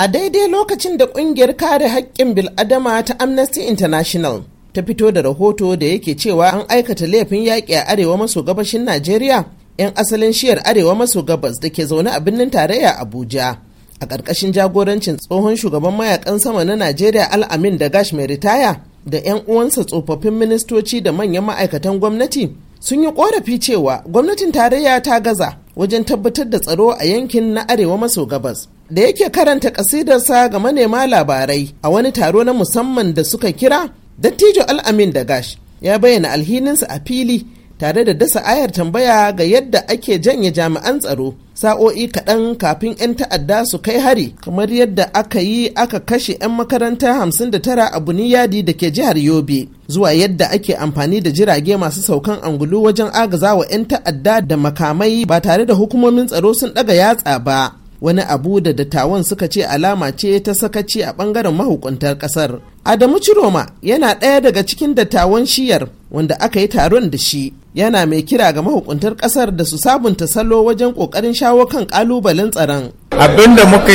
A daidai lokacin da ƙungiyar kare haƙƙin bil'adama ta Amnesty International ta fito da rahoto da yake cewa an aikata laifin yaƙi a arewa maso gabashin Najeriya 'yan asalin shiyar arewa maso gabas da ke zaune a birnin tarayya Abuja. A ƙarƙashin jagorancin tsohon shugaban mayakan sama na Najeriya Al'amin da Gash mai ritaya da 'yan uwansa tsofaffin ministoci da manyan ma'aikatan gwamnati sun yi ƙorafi cewa gwamnatin tarayya ta gaza wajen tabbatar da tsaro a yankin na arewa maso gabas. da yake karanta kasidarsa ga manema labarai a wani taro na musamman da suka kira dattijo al'amin da gash ya bayyana alhininsa a fili tare da dasa ayar tambaya ga yadda ake janye jami'an tsaro sa'o'i kaɗan kafin 'yan ta'adda su kai hari kamar yadda aka yi aka kashe 'yan makaranta 59 a buniyadi da ke jihar yobe zuwa yadda ake amfani da jirage masu saukan angulu wajen agaza wa 'yan ta'adda da makamai ba tare da hukumomin tsaro sun ɗaga yatsa ba wani abu da dattawan suka ce alama ce ta sakaci a bangaren mahukuntar kasar adamu ciroma yana ɗaya daga cikin dattawan shiyar wanda aka yi taron da shi yana mai kira ga mahukuntar kasar da su sabunta salo wajen ƙoƙarin shawo kan ƙalubalen tsaron abin da muka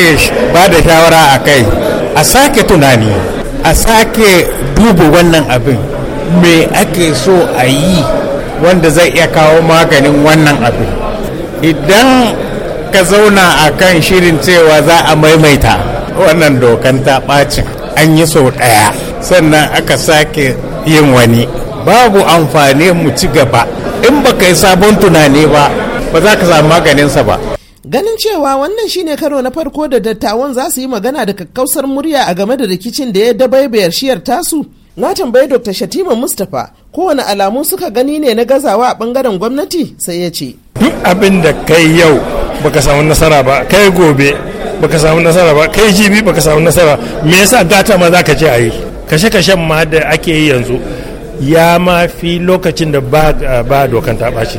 ba da shawara a kai a sake tunani a sake duba wannan abin me ake so a yi wanda zai iya kawo maganin wannan abin idan ka zauna a kan shirin cewa za a maimaita wannan dokan ta bacin an yi sau ɗaya sannan aka sake yin wani babu amfani mu ci gaba in baka yi sabon tunani ba ba za ka samu maganinsa ba ganin cewa wannan shine karo na farko da dattawan za su yi magana da kakkausar murya a game da rikicin da ya dabaibayar shiyar tasu na tambayi dr shatima mustapha kowane alamu suka gani ne na gazawa a bangaren gwamnati sai ya ce duk abin da kai yau baka samu nasara ba kai gobe baka samu nasara ba kai jibi baka samu nasara me yasa gata ma zaka ce ayi kashe kashen ma da ake yi yanzu ya ma fi lokacin da ba ba dokan ta bace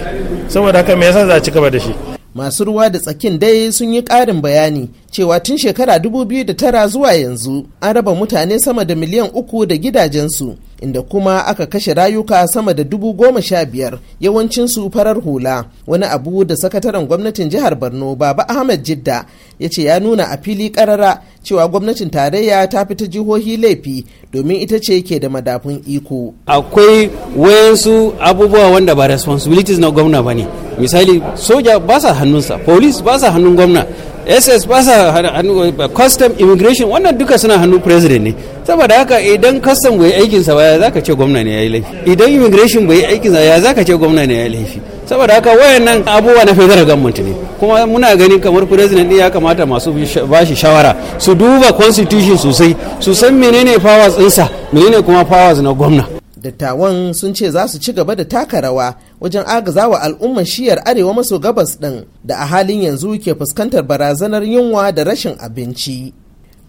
saboda haka me yasa za ci gaba da shi masu ruwa da tsakin dai sun yi ƙarin bayani cewa tun shekara 2009 zuwa yanzu an raba mutane sama da miliyan uku da gidajensu inda kuma aka kashe rayuka sama da dubu goma sha biyar yawancin su farar hula wani abu da sakataren gwamnatin jihar borno baba ahmed jidda ya ce ya nuna a fili karara cewa gwamnatin tarayya ta fita jihohi laifi domin ita ce ke da madafun iko akwai wayansu abubuwa wanda ba responsibilities na gwamna ba ne misali soja ba sa hannunsa police ba sa hannun gwamna ss basa sa hannu custom immigration wannan duka suna hannu president ne saboda haka idan custom bai aikinsa ba ya zaka ce gwamna ne ya yi laifi idan immigration bai aikinsa ya zaka ce gwamna ne ya laifi saboda haka wayannan abubuwa na federal government ne kuma muna ganin kamar president ya kamata masu bashi shawara su duba constitution sosai su san menene powers ɗinsa menene kuma powers na gwamna dattawan sun ce za su ci gaba da taka rawa wajen agazawa al'ummar shiyar arewa maso gabas ɗin da a halin yanzu ke fuskantar barazanar yunwa da rashin abinci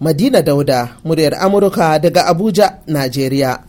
madina dauda muryar amurka daga abuja najeriya